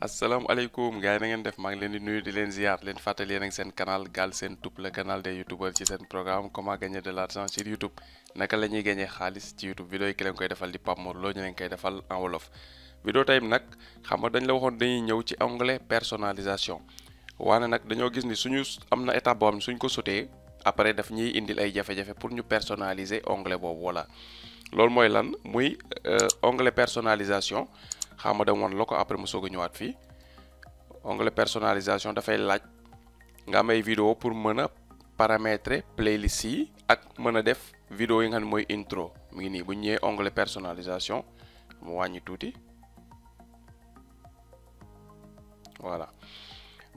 asalaamaaleykum gars yi na ngeen def maa ngi leen di nuyu di leen ziar leen fàttali yéen ak seen canal Galsen Tube la canal des youtubeurs ci seen programme comment gagner de l'argent sur youtube naka la ñuy gagner xaalis ci youtube vidéo yi ki leen koy defal di Pape Mor Lo ñu leen koy defal en wolof vidéo tey nag xam nga dañ la waxoon dañuy ñëw ci onglet personnalisation waane nag dañoo gis ni suñu am na étape boo xam suñ ko sotee après daf ñuy indil ay jafe-jafe pour ñu personnaliser onglet boobu voilà loolu mooy lan muy euh, onglet personnalisation xaama dem woon la ko après mu soog a ñëwaat fii onglet personalisation dafay laaj nga am ay vidéo pour mën a paramétrer playlist yi ak mën a def vidéo yi nga xam mooy intro mu ngi nii bu ñëwee onglet personnalisation mu wàññi tuuti voilà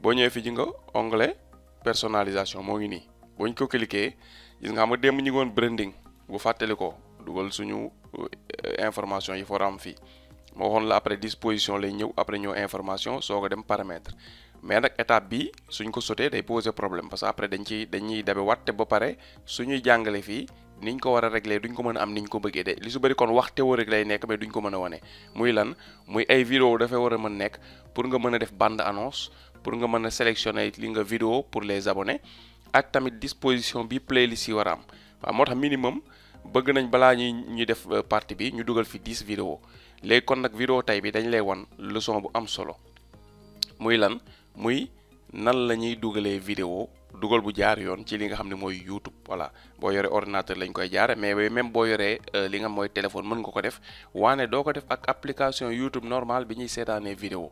boo ñëwee fii ji nga onglet personnalisation moo ngi nii boo ñu ko cliquer gis nga xam nga démb ñu ngi woon branding bu fàttali ko dugal suñu euh, information yi for am fii ma waxoon la après disposition lay ñëw après ñëw information soo ko dem paramètre mais nag étape bi suñ ko sotee day poser problème parce que après dañ ciy dañuy dabewaat te ba pare suñuy jàngale fii ni ñu ko war a régler duñ ko mën a am ni ñu ko bëggee de li su bëri kon wax te théorique lay nekk mais duñ ko mën a wane muy lan muy ay vidéo dafay war a mën nekk pour nga mën a def bande annonce pour nga mën a sélectionner li nga vidéo pour les abonnés ak tamit disposition bi playlist yi war a am waaw moo tax minimum bëgg nañ balaa ñuy ñuy def euh, partie bi ñu dugal fi 10 vidéo léegi kon nag vidéo tey bi dañ lay wan leçon bu am solo muy lan muy nan la ñuy dugalee vidéo dugal bu jaar yoon ci li nga xam ne mooy YouTube voilà boo yore ordinateur lañ koy jaare mais même boo yoree euh, li nga mooy téléphone mën nga ko def waane doo ko def ak application YouTube normale bi ñuy seetaanee vidéo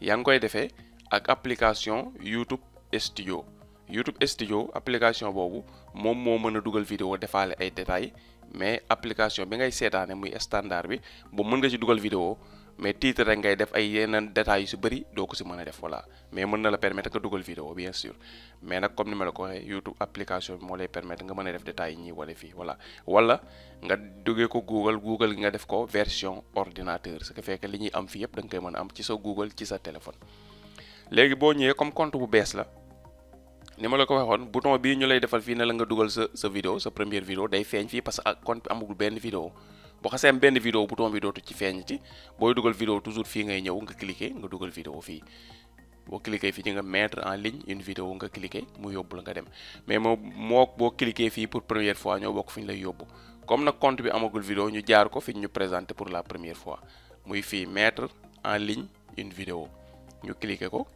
yaa ngi koy defee ak application YouTube Studio YouTube Studio application boobu moom moo mën a dugal vidéo defaale ay détails mais application bi ngay seetaane muy standard bi bu mën nga ci dugal vidéo mais titre rek ngay def ay yeneen détails yu si bëri doo ko si mën a def voilà mais mën na la permettre nga dugal vidéo bien sûr mais nag comme ni ma la ko waxee YouTube application bi moo lay permettre nga mën a def détails yi wale fii voilà wala nga duggee ko Google Google gi nga def ko version ordinateur sa qui fait li ñuy am fii yëpp danga koy mën a am ci sa Google ci sa téléphone léegi boo ñëwee comme compte bu bees la ni ma la ko waxoon bouton bii ñu lay defal fii ne la nga dugal sa sa vidéo sa première vidéo day feeñ fii parce que compte bi amagul benn vidéo bu xasee am benn vidéo bouton bi dootu ci feeñ ci booy dugal vidéo toujours fii ngay ñëw nga cliquer nga dugal vidéo fii boo cliquer fii di nga mettre en ligne une vidéo nga cliquer mu yóbbu la nga dem mais moo moo boo cliquer fii pour première fois ñoo bokk fi ñu lay yóbbu comme nag compte bi amagul vidéo ñu jaar ko fi ñu présenter pour la première fois muy fii mettre en ligne une vidéo ñu cliquer ko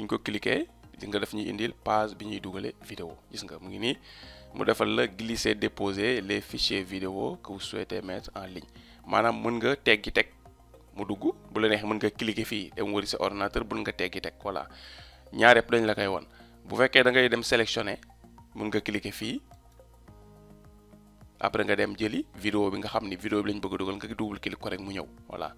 buñ ko cliquer gis nga daf ñuy indil page bi ñuy dugale vidéo gis nga mu ngi nii mu defal la glisser déposer les fichiers vidéo que vous souhaitez mettre en ligne maanaam mën nga teggi teg mu dugg bu la neexee mën nga cliquer fii dem wëri sa ordinateur mën nga teggi teg voilà ñaar yëpp dañ la koy won bu fekkee da ngay dem sélectionner mun nga cliquer fii après nga dem jëli vidéo bi nga xam ni vidéo bi lañ bëgg dugal nga double clic ko rek mu ñëw voilà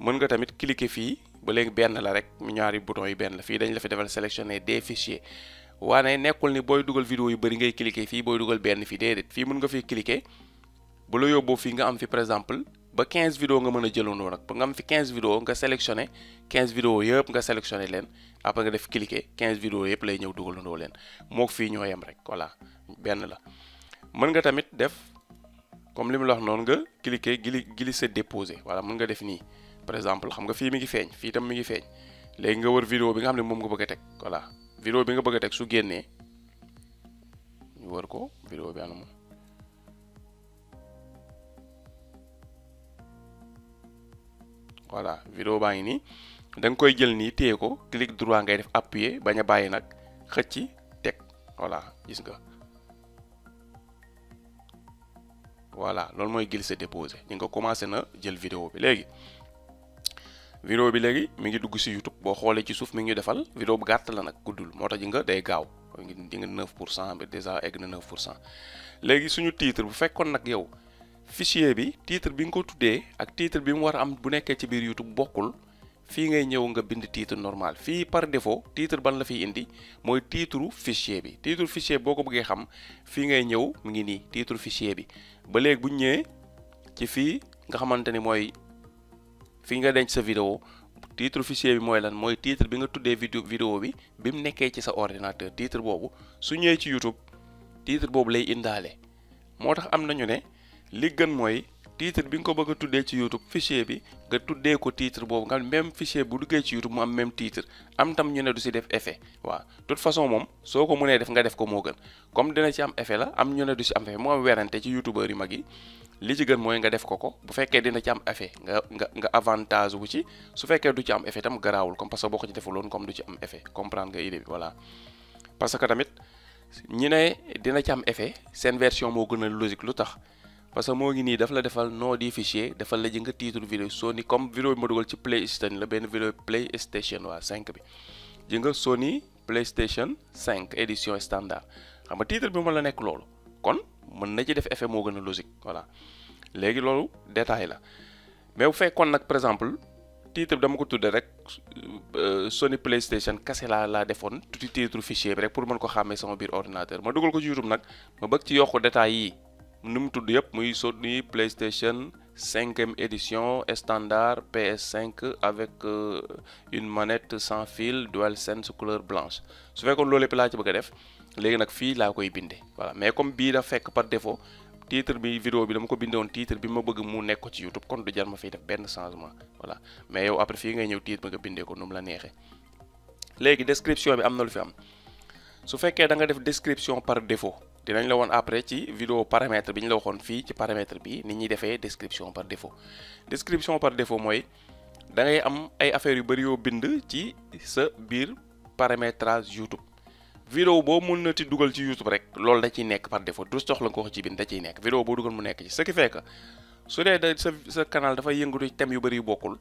mën nga tamit cliquer fii ba léegi benn la rek ñaari bouton yi benn la fii dañ la fi defal sélectionner des fichiers waane nekkul ni booy dugal vidéo yu bëri ngay cliquer fii booy dugal benn fii déedéet fii mën nga fi cliquer bu la yóbboo fii nga am fi par exemple ba 15 vidéo nga mën a jëlandoo nag ba nga am fi 15 vidéo nga sélectionné 15 vidéo yëpp nga sélectionné leen après nga def cliquer 15 vidéo yëpp lay ñëw dugalandoo leen moo fii ñoo yem rek voilà benn la mën nga tamit def comme li la wax noonu nga cliquer gli glisser déposer voilà mën nga def nii par exemple xam nga fii mi ngi feeñ fii tam mi ngi feeñ léegi nga war vidéo bi nga xam ne moom nga bëgg a teg voilà vidéo bi nga bëgg a teg su génnee ñu war ko vidéo bi anam voilà vidéo baa ngi nii da koy jël nii téye ko clic droit ngay def appuyer bañ a bàyyi nag xëcc teg voilà gis nga voilà loolu mooy glisser déposer ñu nga commencé na jël vidéo bi léegi vidéo bi léegi mi ngi dugg si YouTube boo xoolee ci suuf mi ngi defal vidéo bu gàtt la nag guddul moo tax ji nga day gaaw di nga pour cent dèjà egg na 9 pour cent léegi suñu titre bu fekkoon nag yow fichier bi titre bi nga ko tuddee ak titre bi mu war a am bu nekkee ci biir YouTube bokkul fii ngay ñëw nga bind titre normal fii par défaut titre ban la fi indi mooy titre fichier bi titre fichier boo ko bëggee xam fii ngay ñëw mu ngi nii titre fichier bi ba léegi bu ñëwee ci fii nga xamante ni mooy. fi nga denc sa vidéo titre fichier bi mooy lan mooy titre bi nga tuddee vidéo vidéo bi bi mu nekkee ci sa ordinateur titre boobu su ñëwee ci YouTube tiitre boobu lay indaale moo tax am nañu ne li gën mooy titre bi nga ko bëgg a tuddee ci YouTube fichier bi nga tuddee ko titre boobu nga même fichier bu duggee ci YouTube mu am même titre am tam ñu ne du si def effet waaw toute façon moom soo ko mënee def nga def ko moo gën comme dina ci am effet la am ñu ne du si am effet mu am werante yu mag yi li ci gën mooy nga def ko ko bu fekkee dina ci am effet nga nga nga avantage wu ci su fekkee du ci am effet tam garaawul comme parce que boo ko ci defuloon comme du ci am effet comprendre nga idée parce que tamit ñi ne dina ci effet seen version moo gën a logique lu tax parce que moo ngi nii daf la defal nom di fichier defal la ji nga titre vidéo Sony comme vidéo bi ma dugal ci PlayStation la benn vidéo PlayStation waa 5 bi ji nga Sony PlayStation cinq édition standard xam nga titre bi ma la nekk loolu kon mën na ci def effet moo gën a logique voilà léegi loolu détail la mais bu fekkoon nag par exemple titre bi dama ko tudde rek euh, Sony PlayStation kase laa laa defoon tuuti titre fichier bi rek pour mën ko xàmmee sama biir ordinateur ma dugal ko ci nag ma bëgg ci yokku détail yi nu mu tudd yëpp muy Sony PlayStation cinquième édition standard PS5 avec euh, une manette sans fil DualSense couleur blanche su fekkoon loolu yëpp laa ci bëgg a def. léegi nag fii laa koy bindee voilà mais comme bii da fekk par défo titre bi vidéo bi dama ko bindoon titre bi ma bëgg mu nekk ko ci YouTube kon du jar ma fiy def benn changement voilà mais yow après fii ngay ñëw titre ba nga bindee ko nu mu la neexee léegi description bi am na lu fi am su fekkee da nga def description par défaut dinañ la woon après ci vidéo paramètre bi ñu la waxoon fii ci paramètre bi ni ñuy defee description par défaut description par défaut mooy da am ay affaires yu bëri yoo bind ci sa biir paramétrage YouTube vidéo boo mun na ti dugal ci YouTube rek loolu da ciy nekk par défaut du soxla nga ko ci bind da ciy nekk vidéo boo dugal mu nekk ci ce qui su dee sa sa canal dafay yëngatu ci yu bëri yu bokkul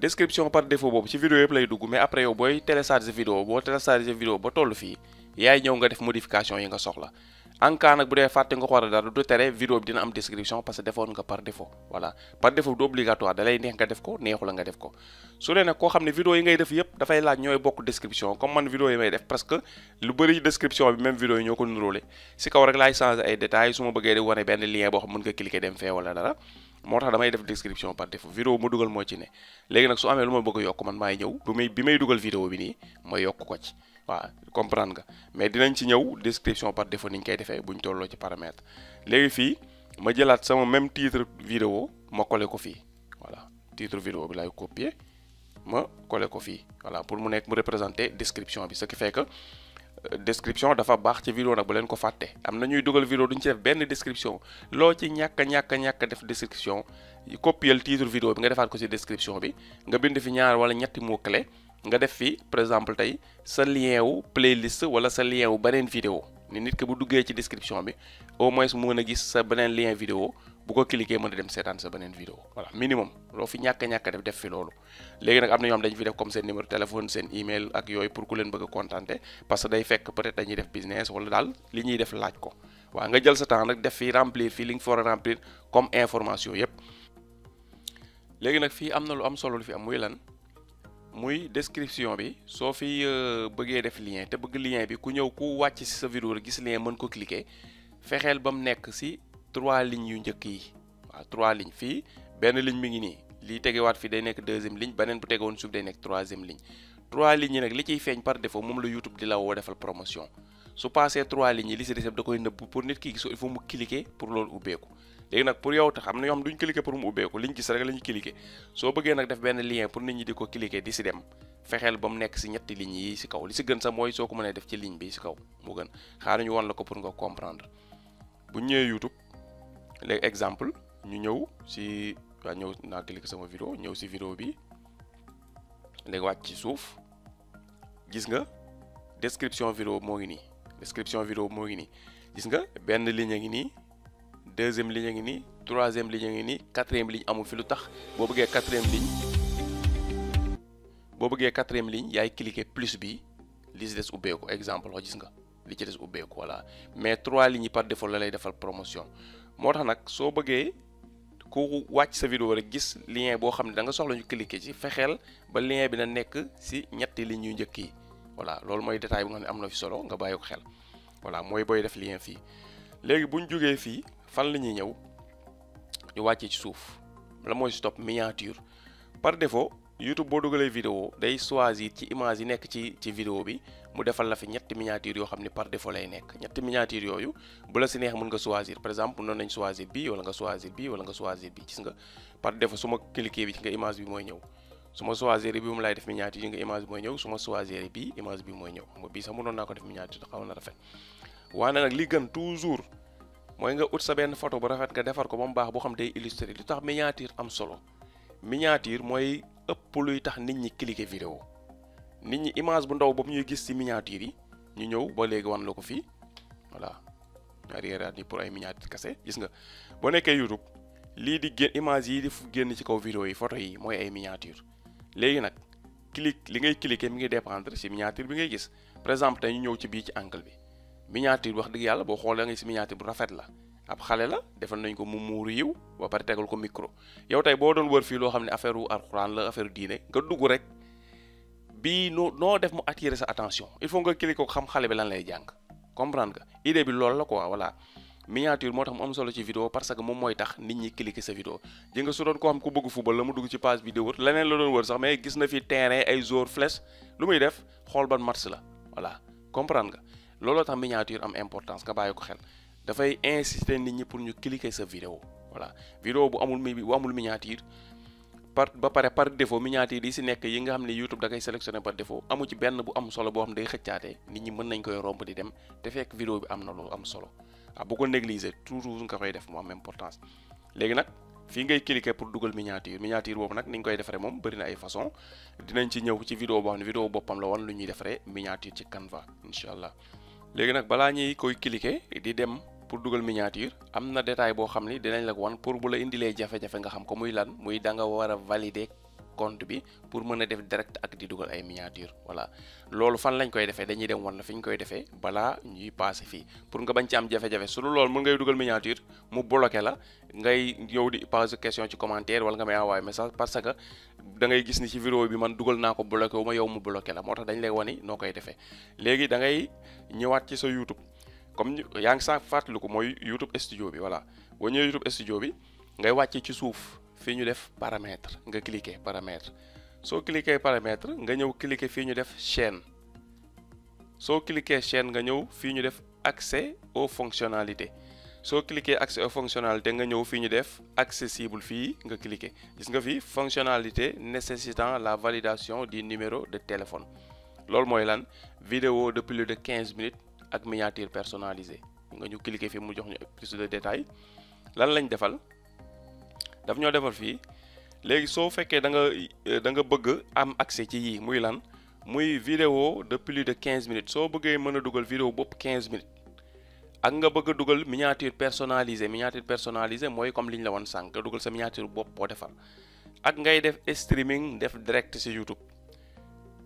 description par défaut boobu ci vidéo yëpp lay dugg mais après yow booy télécharger vidéo boo télécharger vidéo ba toll fii yaay ñëw nga def modification yi nga soxla en cas nag bu dee fàtte nga ko a dara du tere vidéo bi dina am description parce que defoon nga par défaut voilà par défaut du obligatoire da neex nga def ko neexu la nga def ko su koo xam ne vidéo yi ngay def yëpp dafay laaj ñooy bokk description comme man vidéo yi may def parce que lu bëri description bi même vidéo yi ñoo ko nuróole si kaw rek laay ay détails su ma bëggee di wane benn lien boo xam mën nga cliquer dem fee wala dara moo tax damay def description par défaut vidéo ma dugal moo ci ne léegi nag su amee lu ma bëgg yokk man maay ñëw bu may bi may dugal vidéo bi nii ma yokk ko ci waaw comprendre nga mais dinañ ci ñëw description par défaut ni ñu koy defee bu ñu tolloo ci paramètre léegi fii ma jëlaat sama même titre vidéo ma collé ko fii voilà titre vidéo bi laay copier ma collé ko fii voilà pour mu nekk mu représenter description bi ce qui fait que euh, description dafa baax ci vidéo nag bu leen ko fàtte am na ñuy dugal vidéo duñ ci def benn description loo ci ñàkk a ñàkk a ñàkk def description copier titre vidéo bi nga defaat ko ci description bi nga bind fi ñaar wala ñetti mots clés nga def fi par exemple tey sa lien wu playlist wala sa lien wu beneen vidéo ni nit ki bu duggee ci description bi au moins mu mën a gis sa beneen lien vidéo bu ko cliquer mën a dem seetaan sa beneen vidéo voilà minimum loo fi ñàkk ñàkk def def fi loolu léegi nag am na ñoo dañ fi def comme seen numéro téléphone seen email ak yooyu pour ku leen bëgg a contacter parce que day fekk peut-être dañuy def business wala daal li ñuy def laaj ko waa nga jël sa temps nag def fi remplir nga fa a remplir comme information yépp nag fii am na lu am solo lu fi am muy lan muy description bi soo fi euh, bëggee def lien te bëgg lien bi ku ñëw ku wàcc ci sa vidéo gis lien mën ko cliquer fexeel ba mu nekk ci trois lignes yu njëkk yi waaw trois lignes fii benn ligne mi ngi nii lii tegewaat fi day nekk deuxième ligne beneen bu tegewoon suuf day nekk troisième ligne trois lignes yi nag li ciy feeñ par défaut moom la YouTube di la woo defal promotion su passé trois lignes yi li ci des da koy nëbb pour nit ki gisoo il faut mu pour loolu ubbeeku léegi nag pour yow tax am na yoo xam duñ cliquer pour mu ubbeeku liñ gis rek la ñuy soo bëggee nag def benn lien pour nit ñi di ko cliquer di si dem fexeel ba mu nekk si ñetti lignes yi si kaw li si gën sax mooy soo ko mënee def ci ligne bi si kaw mu gën xaaral ñu won la ko pour nga comprendre bu ñëwee YouTube léegi exemple ñu ñëw si waa ñëw naa cliquer sama vidéo ñëw si vidéo bi léegi wàcc ci suuf gis nga description vidéo moo ngi nii description vidéo moo ngi nii gis nga benn ligne ngi nii. deuxième ligne a ngi nii troisième ligne a ngi nii quatrième ligne amul fi lu tax boo bëggee quatrième ligne boo bëggee quatrième ligne yaay cliquer plus bi li ci des ubbeeku exemple oo gis nga li ci des ubbeeku voilà mais trois lignes yi par défaut la lay defal promotion moo tax nag soo bëggee ku wàcc sa vidéo rek gis lien boo xam ne da nga soxla ñu cliquer fexeel ba lien bi na nekk ci ñetti lignes yu njëkk yi voilà loolu mooy détail bu nga xam ne am na fi solo nga bàyyi ko xel voilà mooy booy def lien fii léegi bu ñu fii fan la ñuy ñëw ñu wàccee ci suuf la mooy stop miniature par defo YouTube boo dugalee vidéo day choisir ci image yi nekk ci ci vidéo bi mu defal la fi ñetti miniature yoo xam ne par défaut nekk ñetti miniature yooyu bu la si neex mën nga choisir par exemple noonu nañ choisir bi wala nga choisir bi wala nga choisir bii gis nga par défaut su ma cliquer bi ci nga image bi mooy ñëw su ma choisir bi mu laay def miniature yi nga image bi mooy ñëw suma ma choisir bii image bi mooy ñëw xam nga bii sax mënoon naa ko def miniature xaw na rafet waaye mooy nga ut sa benn photo bu rafet nga defar ko ba mu baax boo xam day illustré li tax miniature am solo miniature mooy ëpp luy tax nit ñi cliquer vidéo nit ñi image bu ndaw boobu ñuy gis ci miniature yi ñu ñëw ba léegi wan la ko fii voilà arrière ni pour ay miniature kese gis nga boo nekkee YouTube lii di génn image yi di génn ci kaw vidéo yi photo yi mooy ay miniature léegi nag clic li ngay cliquer mi ngi dépendre ci miniature bi ngay gis par exemple tey ñu ci bii ci angle bi miniature wax dëgg yàlla boo xoolee nga si miniature bu rafet la ab xale la defal nañ ko mu muuru yiw ba pare tegal ko micro yow tey boo doon wër fii loo xam ne affaire wu alxuraan la affaire diine nga dugg rek bii noo noo def mu attirer sa attention il faut nga cliquer ko xam xale bi lan lay jàng comprendre nga idée bi loolu la ko voilà miniature moo tax mu am solo ci vidéo parce que moom mooy tax nit ñi cliquer sa vidéo ji nga doon ko xam ku bëgg football la mu dugg ci page bi di wër leneen la doon wër sax mais na fi terrain ay joueurs flèche lu muy def xool ban match la voilà comprendre nga looloo tax miniature am importance nga bàyyi ko xel dafay insister nit ñi pour ñu cliquer sa vidéo voilà vidéo bu amul mi bu amul miniature par ba pare par défaut miniature yi si nekk yi nga xam ne YouTube da koy sélectionné par défaut amu ci benn bu am solo boo xam day xëccaatee nit ñi mën nañ koy romb di dem te fekk vidéo bi am na lu am solo ah bu ko négliger toujours nga koy def mu am importance léegi nag fii ngay cliquer pour dugal miniature miniature boobu nag ni koy defaree moom bëri na ay façon dinañ ci ñëw ci vidéo boo xam ne vidéo boppam la woon lu ñuy defaree miniature ci Canva incha allah léegi nag balaa ñuy koy cliquer di dem pour dugal miniature am na détail boo xam ni dinañ la ko pour bu la indilee jafe-jafe nga xam ko muy lan muy danga nga war a valider compte bi pour mën a def direct ak di dugal ay miniature voilà loolu fan lañ koy defee dañuy dem wan la fi ñu koy defee balaa ñuy passé fii pour nga bañ ci am jafe-jafe su loolu mën ngay dugal miniature mu bloqué la ngay yow di poser question ci commentaire wala nga may envoyer message parce que dangay ngay gis ni ci vidéo bi man dugal naa ko bloqué wu ma yow mu bloqué la moo tax dañ lay wane noo koy defe léegi dangay ñëwaat ci sa YouTube comme yaa ngi sa fàttaliku mooy YouTube studio bi boo ñëwee YouTube studio bi ngay wàcce ci suuf. fii ñu def paramètre nga cliquer paramètre soo cliquer paramètre nga ñëw cliquer fii ñu def chaîne soo cliquer chaîne nga ñëw fii ñu def accès au fonctionnalités soo cliquer accès aux fonctionnalités nga ñëw fii ñu def accessible fii nga cliquer gis nga fii fonctionnalité nécessitant la validation du numéro de téléphone loolu mooy lan vidéo de plus de quinze minutes ak miniature personnalisée nga ñu cliquer fii mu jox ñu plus de détails lan lañ defal daf ñoo defal fii léegi soo fekkee da nga eh, da nga bëgg am accès ci yii muy lan muy vidéo de plus de quinze minutes soo bëggee mën a dugal vidéo bopp quinze minutes ak nga bëgg a dugal miniature personnalisée miniature personnalisée mooy comme li ñu la woon sànq nga dugal sa miniature bopp boo defar ak ngay def streaming def direct ci YouTube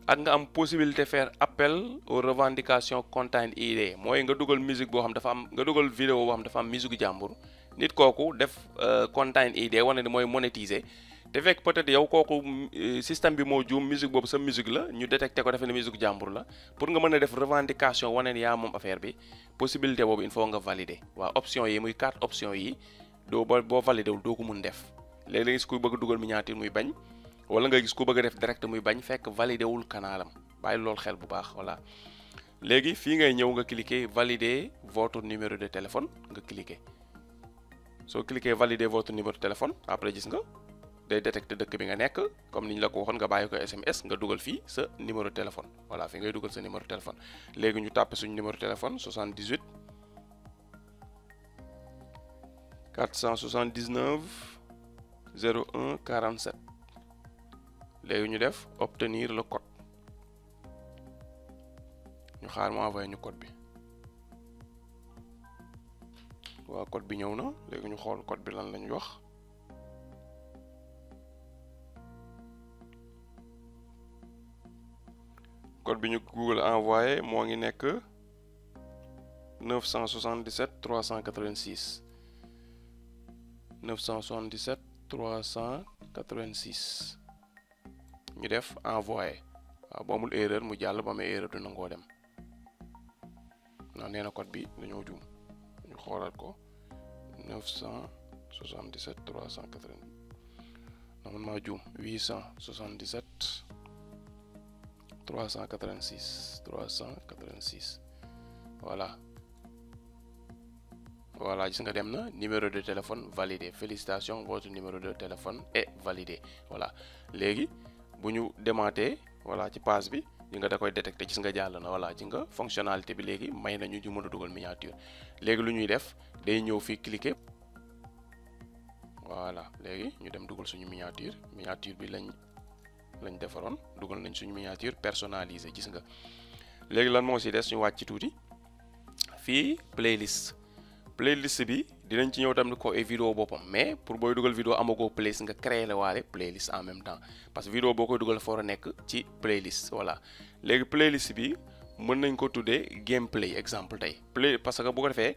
ak nga am possibilité faire appel aux revendications content ID mooy nga dugal musique boo xam dafa am nga dugal vidéo boo xam dafa am musique jàmbur nit kooku def euh, ii de wane ni mooy monétiser te fekk peut-être yow kooku euh, système bi moo juum musique boobu sa musique la ñu détecté ko defe ne musique jàmbur la pour nga mën a def revendication wane ni yaa moom affaire bi possibilité boobu il faut nga valider waaw option yi muy quatre option yi doo ba boo validé wul doo ko mun def léeg-léeg gis ku bëgg dugal miniature muy bañ wala nga gis ku bëgg def direct muy bañ fekk validé wul kanalam bàyyi lool xel bu baax voilà léegi fii ngay ñëw nga cliquer valider votre numéro de téléphone nga cliquer soo cliquer valider votre numéro téléphone après gis nga day détecter dëkk bi nga nekk comme ni ñu la ko waxoon nga bàyyi ko SMS nga dugal fii sa numéro téléphone voilà fi ngay dugal sa numéro téléphone léegi ñu tàppe suñu numéro téléphone 78 479 01 47 léegi ñu def obtenir le code ñu xaar mu envoyé ñu code bi waaw code bi ñëw na léegi ñu xool code bi lan lañu wax code bi ñu Google envoyé moo ngi nekk 977 386 977 386 ñu def envoyé waaw bu amul erreur mu jàll ba amee erreur du nangoo dem ndax nee code bi dañoo juum xoolaat ko 977 380 man maa juum 877 386 386 voilà voilà gis nga dem na numéro de téléphone validé félicitations votre numéro de téléphone est validé voilà léegi bu ñu demaatee voilà ci paas bi. ji nga da koy détecté gis nga jàll na voilà ji nga fonctionnalité bi léegi may nañu ñu mën a dugal miniature léegi lu ñuy def day ñëw fii cliquer voilà léegi ñu dem dugal suñu miniature miniature bi lañ lañ defaroon dugal nañ suñu miniature personnalisé gis nga léegi lan moo si des ñu wàcc tuuti fii playlist playlist bi dinañ ci ñëw tamit ko ay vidéo boppam mais pour booy dugal vidéo amagoo playlist nga créer la waale playlist en même temps parce que vidéo boo koy dugal foora nekk ci playlist voilà léegi playlist bi mën nañ ko tuddee gameplay exemple tey play parce que bu ko defee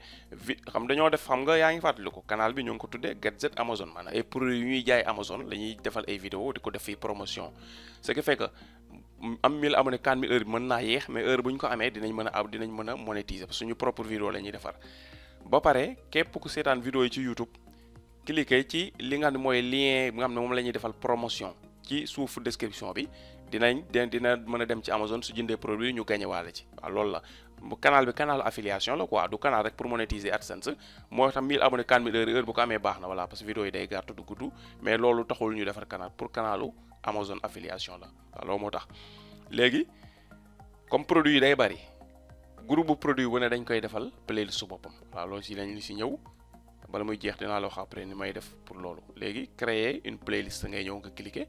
dañoo def xam nga yaa ngi fàttaliku canal bi ñu ngi ko tuddee gadget Amazon maanaam ay produits yu ñuy jaay Amazon la defal ay vidéo di ko def fii promotion ce qui fait que am 1000 abonné 4000 heures bi mën naa yéex mais heure bu ñu ko amee dinañ mën a ab dinañ mën a monétiser suñu propre vidéo la ñuy defar ba pare képp ku seetaan vidéo yi ci YouTube cliquer ci li nga xam mooy lien bi xam ne moom la ñuy defal promotion ci suufu description bi dinañ dina mën a dem ci Amazon su jëndee produit ñu gagné waale ci waaw loolu la. bu canal bi canal affiliation la du canal rek pour monétiser AdSense moo tax 1000 abonnés 4000 heures heure bu ko amee baax na voilà parce que vidéo yi day gàtt du gudd mais loolu taxul ñu defar canal pour canalu Amazon affiliation la waaw loolu moo tax léegi comme produit yi day bari. groupe bu produit bu ne dañ koy defal playlist su boppam waaw loolu si lañ li si ñëw bala muy jeex dinaa la wax après ni may def pour loolu léegi créer une playlist ngay ñëw nga cliquer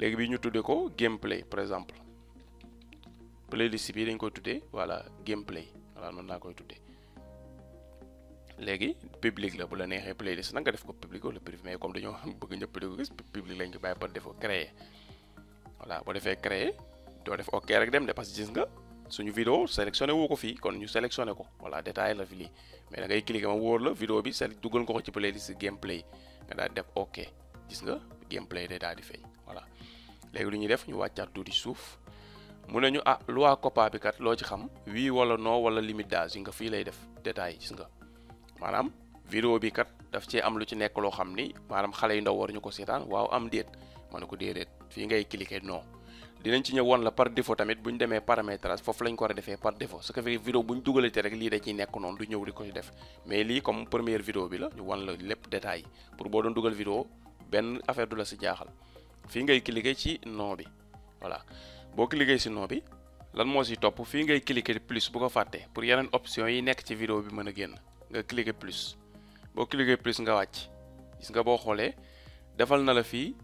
léegi bi ñu tuddee ko gameplay par exemple playlist bi dañ koy tuddee voilà gameplay voilà noonu naa koy tuddee léegi public la bu la neexee playlist nag def ko public wala privé mais comme dañoo bëgg ñëpp di ko gis public lañ ko par boo defee créer doo def ok rek dem de que gis nga. suñu vidéo sélectionné woo ko fii kon ñu sélectionné ko voilà détail la fi lii mais da ngay cliquer ma wóor la vidéo bi sel dugal nga ko ci playlist gameplay nga daal def ok gis nga gameplay day daal di feeñ voilà léegi lu ñuy def ñu wàccaat tuuti suuf mu ne ñu ah loi COPPA bi kat loo ci xam wii wala non wala limite d'âge yi nga fii lay def détail gis nga maanaam vidéo bi kat daf cee am lu ci nekk loo xam ni maanaam xale yi ndaw war ñu ko seetaan waaw am déet ma ne ko déedéet fii ngay cliquer non dinañ ci ñëw woon la par défaut tamit bu ñu demee paramétrage foofu lañ ko war a defee par défaut ce qui fait vidéo bu ñu dugalatee rek lii da ciy nekk noonu du ñëw di ko def mais lii comme première vidéo bi la ñu wan la lépp détail pour boo doon dugal vidéo benn affaire du la si jaaxal fii ngay cliquer ci nom bi voilà boo cliquer si nom bi lan moo si topp fii ngay cliquer plus bu ko fàttee pour yeneen option yi nekk ci vidéo bi mën a génn nga cliquer plus boo cliquer plus nga wàcc gis nga boo xoolee defal na la fii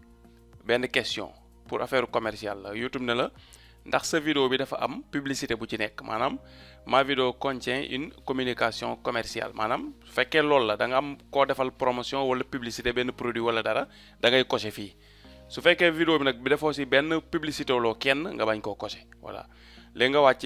benn question pour affaire commerciale la YouTube ne la ndax sa vidéo bi dafa am publicité bu ci nekk maanaam ma vidéo contient une communication commercial maanaam su fekkee loolu la danga am koo defal promotion wala publicité benn produit wala dara dangay ngay fii su fekkee vidéo bi nag bi defoo si benn publicité loo kenn nga bañ koo coché voilà léegi nga wàcc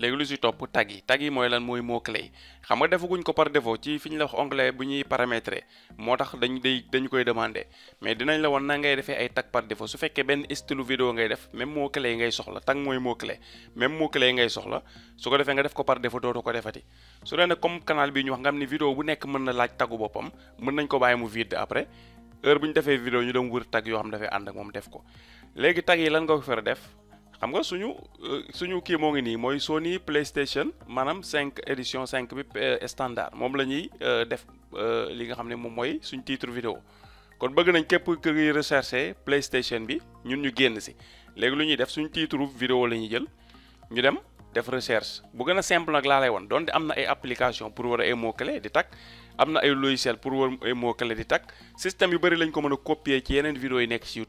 léegi lu si topp tag yi tag yi mooy lan mooy mot clé yi xam nga defaguñ ko par défaut ci fi ñu la wax onglet bu ñuy parametre moo tax dañu day dañu koy demander mais dinañ la woon na ngay defee ay tag par défaut su fekkee benn style vidéo ngay def même mot clé yi ngay soxla tag mooy mot clé même mot yi ngay soxla su ko defee nga def ko par défaut dootu ko defati su dee nag comme kanaal bi ñu wax nga xam ne bu nekk mën na laaj tagu boppam mën nañ ko bàyyi mu vide après heure bu ñu defee vidéo ñu dem wër tag yoo xam dafay ànd ak moom def ko léegi tag yi lan nga ko fara def xam nga suñu euh, suñu kii moo ngi nii mooy Sony PlayStation maanaam cinq édition cinq bi euh, standard moom la ñuy euh, def li nga xam ne moom mooy suñ titre vidéo kon bëgg nañ képp kër kuy recherché PlayStation bi ñun ñu génn si léegi lu ñuy def suñu titre vidéo la ñuy jël ñu dem def recherche bu gën a simple nag laa lay woon donte am na ay application pour war ay mot clé di takk am na ay logiciel pour war ay mot di takk système yu bari lañ ko mën a copier ci yeneen vidéo yi nekk ci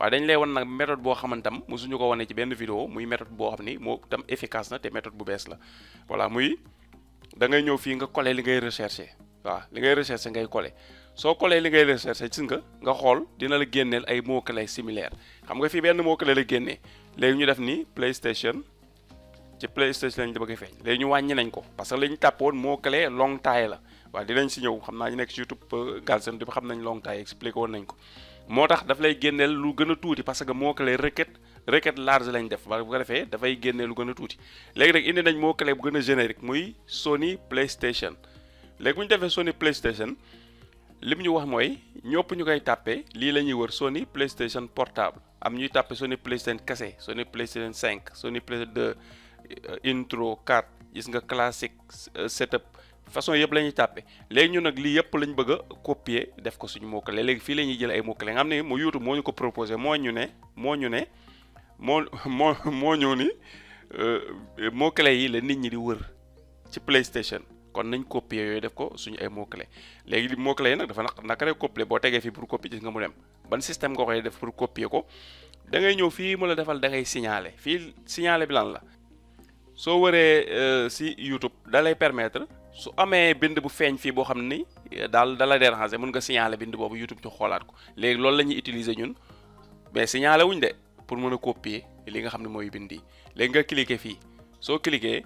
waa dañ lay wan nag méthode boo xamantam mosuñu ko wane ci benn vidéo muy méthode boo xam ni moo tam efficace na te méthode bu bees la voilà muy dangay ñëw fii nga coller li ngay recherché waaw li ngay recherché ngay kole soo coller li ngay recherché si nga nga xool dina la génneel ay mots clés similaires xam nga fii benn mot clé la génnee léegi ñu def ni PlayStation ci PlayStation lañ bëgg a feeñ léegi ñu wàññi nañ ko parce que lañ tàppoon mot clé long taay la waaw dinañ si ñëw xam naa ñu nekk si YouTube euh, Galsen di xam nañ long taay expliqué woon nañ ko moo tax daf lay génneel lu gën a tuuti parce que moo clé requête requête large lañ def bu ko defee dafay génneel lu gën a tuuti léegi nag indi nañ moo clé bu gën a générique muy Sony PlayStation léegi bu ñu defee Sony PlayStation lim ñu wax mooy ñëpp ñu koy tàppe lii la ñuy wër Sony PlayStation portable am ñuy tàppe Sony PlayStation kase Sony PlayStation cinq Sony PlayStation de intro 4 gis nga classique euh, setup façon yëpp lañuy ñuy tàppe léegi ñu nag lii yëpp lañ bëgg a def ko suñu mots-clés fii la ñuy jël ay mots-clés nga xam ne mu YouTube moo ko proposé moo ñu ne moo ñu ne moo moo moo ñëw ni euh, mots-clés yi la nit ñi di wër ci PlayStation kon nañ copier yooyu def ko suñu ay mots léegi mots-clés nag dafa naka lay copier boo tegee fii pour copier gis nga mu dem ban système nga koy def pour copier ko da ngay ñëw fii mu la defal da ngay fii signaler bi lan la soo wëree euh, si YouTube dalay lay permettre. su amee bind bu feeñ fii boo xam ni eh, daal dala la déranger mun nga signaler bind boobu YouTube ci xoolaat ko léegi loolu la ñuy utiliser ñun mais signaler wuñ de pour mën a copier li nga xam ne mooy bind yi léegi nga cliquer fii soo cliquer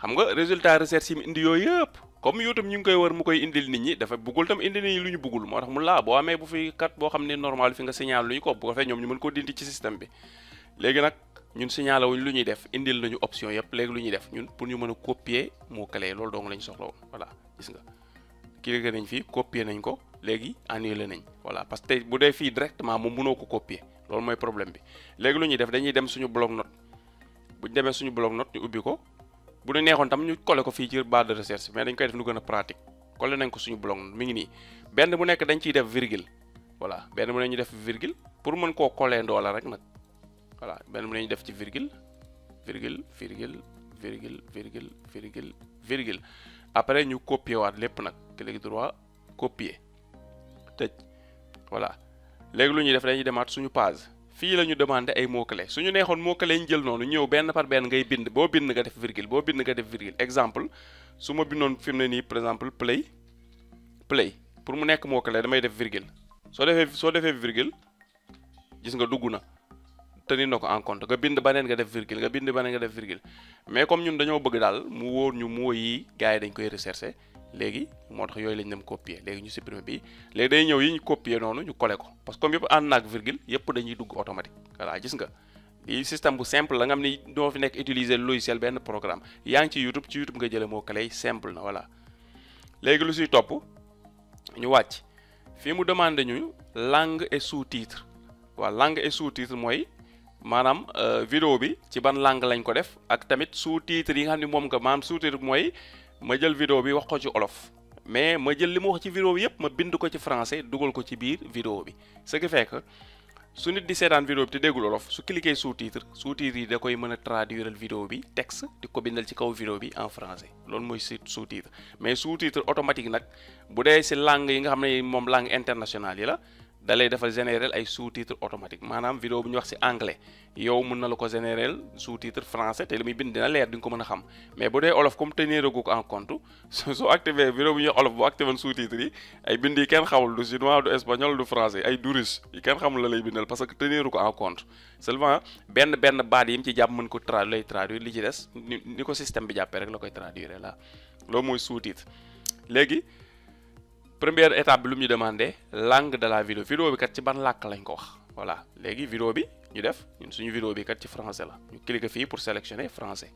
xam nga résultat recherche yi indi yooyu yëpp comme YouTube ñu ngi koy war mu koy indil nit ñi dafa buggul tam indi nit lu ñu buggul moo tax mu laa boo amee bu fi kat boo xam ne normal fi nga signaler lu ñu ko bu fee ñoom ñu mën koo dindi ci système bi léegi nag ñun signalé wuñ lu ñuy def indil nañu option yëpp léegi lu ñuy def ñun pour ñu mën a copier moo clé loolu dong la ñu soxla woon voilà gis nga cliqué nañ fii copier nañ ko léegi annulé nañ voilà parce que bu dee fii directement moom mënoo ko copier loolu mooy problème bi léegi lu ñuy def dañuy dem suñu bloc note bu ñu demee suñu bloc note ñu ubbi ko bu ñu neexoon tam ñu collé ko fii ci barre de recherche mais dañ koy def nu gën a pratique collé nañ ko suñu bloc mi ngi nii benn bu nekk dañ ciy def virgule voilà benn bu nekk ñu def virgule pour mën koo collé rek nag voilà benn mën nañu def ci virgule virgule virgule virgule virgule virgule virgule après ñu copier lépp nag clic droit copier tëj voilà léegi lu ñuy def dañuy demaat suñu page fii la ñu demandé ay mots clés suñu neexoon mots clés ñu jël noonu ñëw benn par benn ngay bind boo bind nga def virgule boo bind nga def virgule exemple su ma bindoon fi mu ne nii par exemple play play pour mu nekk mot damay def virgule soo defee soo defee virgule gis nga dugg na te tenir na ko en compte nga bind baneen nga def virgule nga bind baneen nga def virgule mais comme ñun dañoo bëgg daal mu wóor ñu moo yi gars yi dañ koy recherché léegi moo tax yooyu lañ dem copier léegi ñu supprimer bi léegi day ñëw yi ñu copier noonu ñu coller ko parce que yëpp ànd naag yëpp dañuy dugg automatique voilà gis nga lii système bu simple la nga ni doo fi nekk utiliser logiciel benn programme yaa ngi ci YouTube ci YouTube nga jëlee moo clé simple na voilà léegi lu siy topp ñu wàcc fii mu demande ñu langue et sous-titre waaw mooy maanaam euh, vidéo bi ci ban langue lañ ko def ak tamit sous-titre yi nga xam ne moom nga maanaam sous-titre mooy ma jël vidéo bi wax ko ci olof mais ma jël li ma wax ci vidéo yëpp ma bind ko ci français dugal ko ci biir vidéo bi ce qui fait que su te déggul su cliquer sous-titre sous-titre da koy mën a traduire vidéo bi texte di ko bindal ci kaw vidéo bi en français loolu mooy si sous mais sous-titre automatique nag bu dee si langue yi nga xam ne moom langue international yi la. da defal générer ay sous-titres automatique maanaam vidéo bu ñu wax ci anglais yow mën na la ko générer sous-titre français te li muy bind dina leer di nga ko mën a xam mais bu dee olof comme tenir ko en compte soo activé vidéo bu ñuy wax olof bu activé sous-titres yi ay bind yi kenn xamul du chinois du espagnol du français ay du russe yi kenn xamul la lay bindal parce que tenir ko en compte seulement benn benn baat yi mu ci jàpp mën ko tra lay traduire li des ni ko système bi jàppee rek la koy traduire la loolu mooy sous-titre première étape bi lu ñu demandé langue de la vidéo vidéo bi kat ci ban làkk lañ ko wax voilà léegi vidéo bi ñu def suñu vidéo bi kat ci français la ñu cliquer fii pour sélectionner français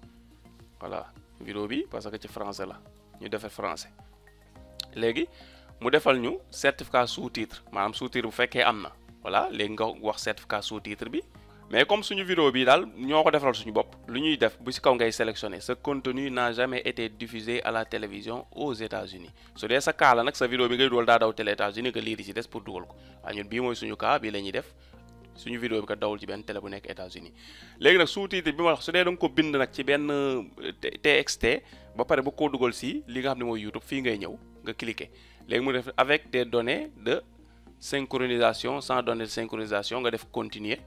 voilà vidéo bi parce que ci français la ñu defal français léegi mu defal ñu certificat sous-titre maanaam sous-titre bu fekkee am na voilà léegi nga wax certificat sous-titre bi mais comme suñu vidéo bi daal ñoo ko defaral suñu bopp lu ñuy def bu ci kaw ngay sélectionner sa contenu n'a jamais été diffusé à la télévision aux États-Unis su dee sa cas nag sa vidéo bi ngay dugal daa daw télé États-Unis que lii di ci des pour dugal ko waaye ah, ñun bii mooy suñu cas bii la ñuy def suñu vidéo bi kat dawul ci benn télé bu nekk États-Unis léegi nag sous-titre bi ma wax su dee da nga ko euh, ba pare bu ko dugal ci li nga xam ne mooy YouTube fii ngay ñëw nga cliquer léegi mu def avec des données de synchronisation sans données de nga def continuer.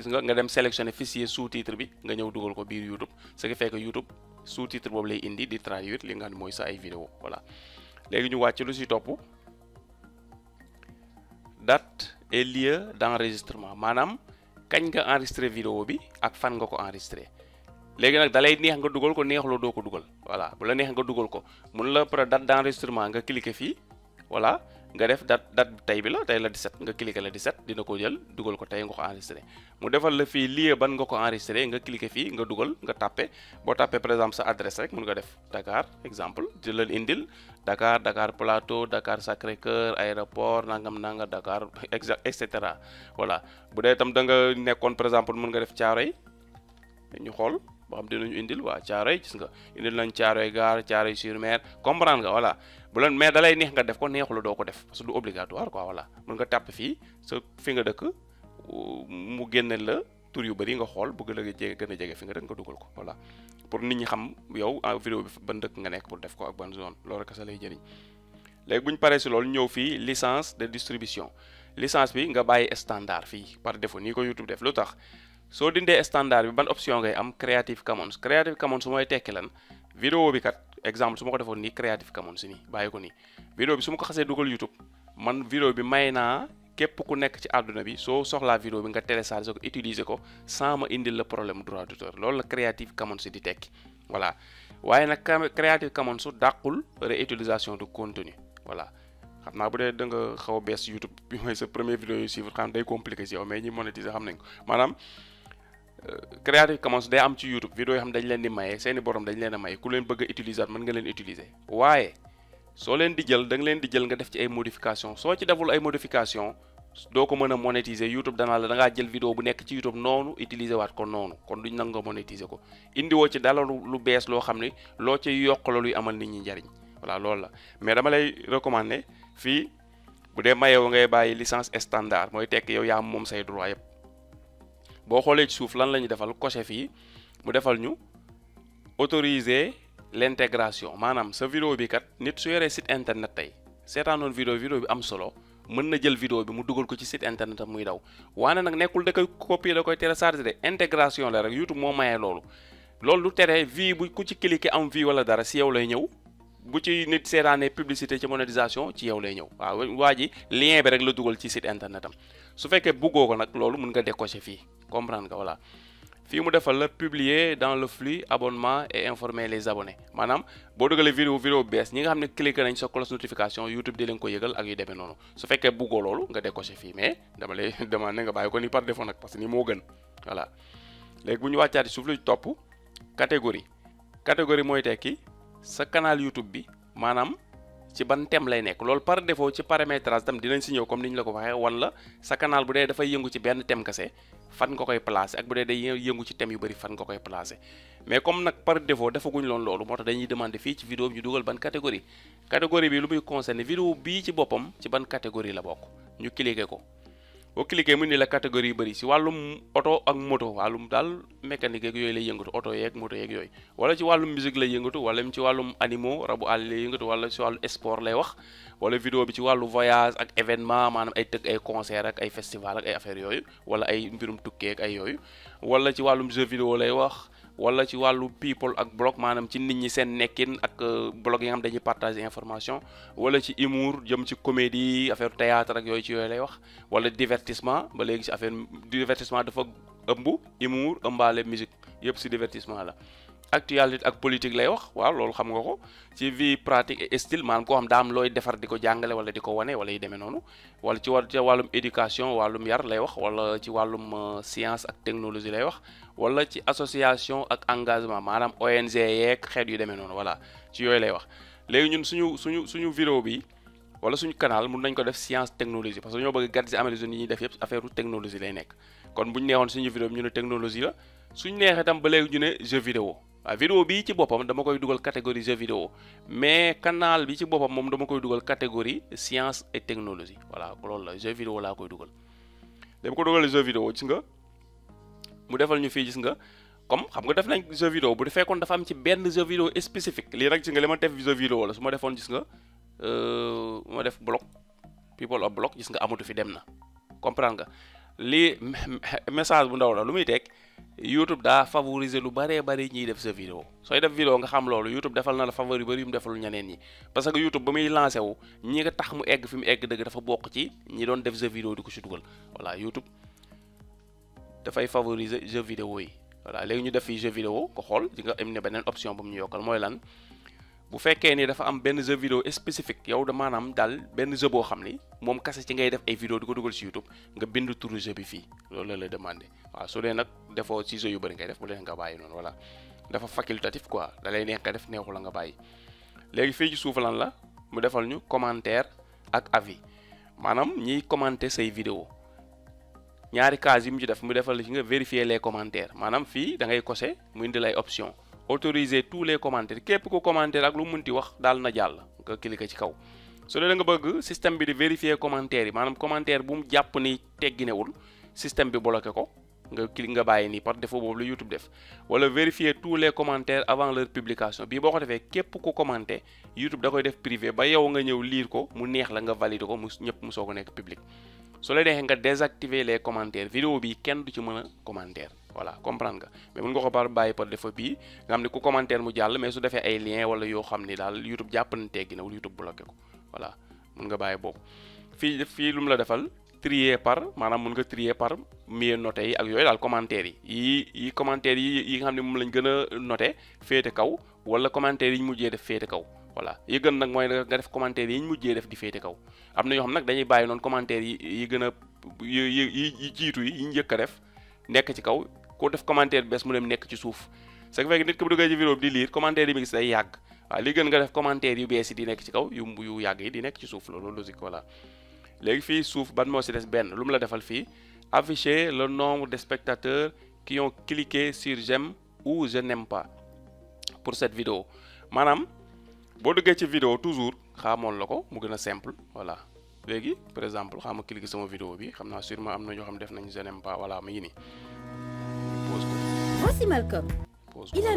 gis nga nga dem sélectionner fichier sous-titre bi nga ñëw dugal ko biir YouTube ce qui fait que YouTube sous-titre boobu lay indi di traduire li nga xam ne mooy ay vidéo voilà léegi ñu wàcc lu si topp date et lieu d'enregistrement maanaam kañ nga enregistré vidéo bi ak fan nga ko enregistré léegi nag dalay neex nga dugal ko neexloo doo ko dugal voilà bu la neex nga dugal ko mun la par date d'enregistrement nga cliquer fii voilà nga def date date bi tey bi la tey la 17 nga cliquer la 17 dina ko jël dugal ko tey nga ko enregistré mu defal la fii lieu ban nga ko enregistré nga cliquer fii nga dugal nga tàppe boo tàppe par exemple sa adresse rek mun nga def Dakar exemple di indil dakaar dakaar Plateau dakaar Sacré-Cœur aéroport nangam nanga Dakar et cetera voilà bu dee tam da nga nekkoon par exemple mun nga def Thiaroye ñu xool boo xam dinañu indil waa caaroy gis nga indil nañ caaroy gar caaroy sur mer comprendre nga voilà bu leen mais dalay neex nga def ko neexula doo ko def parce que du obligatoire quoi voilà mën nga tàpp fii sa fi nga dëkk mu génne la tur yu bëri nga xool bëgg la jege gën a jege fi nga dëkk nga dugal ko voilà pour nit ñi xam yow ah, vidéo bi ban dëkk nga nekk pour def ko ak ban zone loolu sa lay jëriñ léegi bu pare si loolu ñëw fii licence de distribution licence bi nga bàyyi standard fii par défaut nii ko YouTube def lu tax soo dindee standard bi ban option ngay am Creative Commons Creative Commons mooy tekki lan vidéo bi kat exemple su ma ko defoon nii Creative Commons nii bàyyi ko nii vidéo bi su ma ko xasee dugal YouTube man vidéo bi may naa képp ku nekk ci àdduna bi soo soxlaa vidéo bi nga tere télécharger ko utiliser ko sans ma indil la problème droit d'auteur lool la Creative Commons di tekki voilà waaye nag Creative Commons su dàqul réutilisation de contenu voilà da nga xaw a bees YouTube bi mooy sa première vidéo yu suivre xam day compliqué xam nañ ko maanaam Creative Commons day am ci YouTube vidéo yoo xam dañ leen di maye seeni borom dañ leen a maye ku leen bëgg a utiliser mën nga leen utiliser waaye soo leen di jël danga leen di jël nga def ci ay modification soo ci deful ay modification doo ko mën a monétiser YouTube danaa la da ngaa jël vidéo bu nekk ci YouTube noonu utiliser waat ko noonu kon duñ nangu nga monétiser ko indiwoo ci dara lu bees loo xam ne loo ci yokk la luy amal nit ñi njariñ voilà loolu la mais dama lay recommander fii bu dee mayewu ngay bàyyi licence standard mooy tekk yow yaa moom say droit yëpp boo xoolee ci suuf lan la ñu defal coché fii mu defal ñu autoriser l'intégration maanaam sa vidéo bi kat nit su yoree site internet tey seetaanoon vidéo vidéo bi am solo mën na jël vidéo bi mu dugal ko ci site internet am muy daw waane nag nekkul da koy copier da koy télécharger de intégration la rek YouTube moo mayee loolu loolu lu tere vie bu ku ci cliquer am vie wala dara si yow lay ñëw bu ci nit seetaanee publicité ci monétisation ci yow lay ñëw waaw waa lien bi rek la dugal ci site internet am su fekkee bëggoo ko nag loolu mun nga décocher fii comprendre nga voilà fii mu defal la publier dans le flux abonnement et informer les abonnés maanaam boo dugalee vidéo vidéo bees ñi nga xam ne cliqué nañ sa cloche notification YouTube di leen ko yëgal ak yu demee noonu su fekkee bëggoo loolu nga décoché fii mais dama lay demandé nga bàyyi ko ni par défaut nag parce que ni moo gën sa canal YouTube bi maanaam ci ban thème lay nekk loolu par défaut ci paramétrage tam dinañ si ñëw comme ni ñu la ko waxee wan la sa canal bu dee dafay yëngu ci benn thème kese fan nga koy placé ak bu dee day yëngu ci thème yu bëri fan nga koy placé mais comme nag par défaut defaguñ loon loolu moo tax dañuy demandé fii ci vidéo bi ñu dugal ban catégorie catégorie bi lu muy concerné vidéo bii ci boppam ci ban catégorie la bokk ñu cliqué ko boo cliquer mu ni la catégorie yu bëri si wàllum oto ak moto wàllum daal mécanique yooyu lay yëngatu oto yeeg moto yeeg yooyu wala ci wàllum musique lay yëngatu wala ci wàllum animaux rabu àll lay yëngatu wala ci wàllu sport lay wax wala vidéo bi ci wàllu voyage ak événement maanaam ay tëgg ay concert ak ay festival ak ay affaires yooyu wala ay mbirum tukkee ak ay yooyu wala ci wàllum jeu vidéo lay wax wala ci wàllu people ak blog maanaam ci nit ñi seen nekkin ak euh, blog yi nga dañuy partager information wala ci humour jëm ci comédie affaire théâtre ak yooyu ci yooyu lay wax wala divertissement ba léegi ci affaire divertissement dafa ëmb humour ëmbaale musique yëpp ci divertissement la actualité ak politique lay wax waaw loolu xam nga ko ci vie pratique et style maanaam koo xam daa am looy defar di ko jàngale wala di ko wane wala yi demee noonu wala ci war ci wàllum éducation wàllum yar lay wax wala ci wàllum euh, science ak technologie lay wax wala ci association ak engagement maanaam ONG yeeg xeet yu demee noonu voilà ci yooyu lay wax léegi ñun suñu suñu suñu vidéo bi wala suñu canal mun nañ ko def science technologie parce que ñoo bëgg garder analyse yi yëpp affaire technologie lay nekk kon bu ñu neexoon suñu vidéo bi ñu ne technologie la ba léegi ñu ne jeu vidéo waaw vidéo bii ci boppam dama koy dugal catégorie jeu vidéo mais kanaal bi ci boppam moom dama koy dugal catégorie science et technologie voilà loolu la jeu vidéo laa koy dugal dem ko dugal jeu vidéo gis nga mu defal ñu fii gis nga comme xam nga def nañ jeu vidéo bu fekkoon dafa am ci benn jeu vidéo lii rek gis nga ma def jeu vidéo la su ma defoon gis nga euh, def bloc people of bloc gis nga amatu fi dem na comprendre nga lii message bu ndaw la lu muy teg YouTube daa favoriser lu baree bari ñiy def sa vidéo sooy def vidéo nga xam loolu YouTube defal na la favori bari yu mu defalul ñeneen ñi parce que YouTube ba muy lancé wu ñi nga tax mu egg fi mu egg dëgg dafa bokk ci ñi doon def sa vidéo di ko ci dugal voilà YouTube dafay favoriser jeu vidéo yi voilà léegi ñu def fii jeu vidéo ko xool di nga am ne beneen option bu mu ñu yokkal mooy lan bu fekkee ni dafa am benn jeu vidéo spécifique yow da maanaam daal benn jeu boo xam ni moom kase ci ngay def ay vidéo di ko dugal si YouTube nga bind turu jeu bi fii loolu la la demandé waaw su dee nag defoo si jeu yu bëri ngay def bu leen nga bàyyi noonu voilà dafa facultatif quoi da lay nga def neexu la nga bàyyi léegi fii ci suuf lan la mu defal ñu commentaire ak avis maanaam ñiy commenter say vidéo ñaari cas yi mu ci def mu defal ci nga vérifier les commentaires maanaam fii da ngay coché mu indi lay option autoriser tous les commentaires képp ku commentaire ak lu munti wax daal na jàll nga cliquer ci kaw su dee da nga bëgg système bi di vérifier commentaire yi maanaam commentaire bu mu jàpp ni tegginewul système bi bloqué ko nga cliquer nga bàyyi nii par défaut boobu la YouTube def wala vérifier tous les commentaires avant leur publication bii boo ko defee képp ku commenté YouTube da koy def privé ba yow nga ñëw liir ko mu neex la nga valider ko mu ñëpp mu soog a nekk public su la neexee nga désactiver les commentaires vidéo bi kenn du ci mën a commentaire. voilà comprendre nga mais mun nga ko par bàyyi par défaut bii nga xam ne ku commentaire mu jàll mais su defee ay lien wala yoo xam ni daal YouTube jàpp na teggi na wala YouTube bloqué ko voilà mun nga bàyyi boobu fii fii lu mu la defal trier par maanaam mun nga trier par mieux note yi ak yooyu daal commentaire yi yi yi commentaire yi yi nga xam ne moom lañ gën a noté féete kaw wala commentaire yi ñu mujjee def féete kaw voilà yi nag mooy nga def commentaire yi ñu mujjee def di féete kaw am na ñoo xam nag dañuy bàyyi noonu commentaire yi yi gën a yi yi jiitu yi yi njëkk a def nekk ci kaw koo def commentaire bees mu dem nekk ci suuf c'est vrai que nit ki bu duggee ci vidéo bi di lire commentaire yi mi gis day yàgg waaw li gën nga def commentaire yu bees yi di nekk ci kaw yu yàgg yi di nekk ci suuf loolu logique voilà léegi fii suuf ban moo si des benn lu mu la defal fii afficher le nombre de spectateurs qui ont cliqué sur j'aime ou je n'aime pour cette vidéo maanaam boo duggee ci vidéo toujours xaamoon la ko mu gën a simple voilà léegi par exemple xaama cliquer sama vidéo bi xam naa am na ñoo xam def nañ je n'aime pas voilà ngi nii Voici Malcolm. il a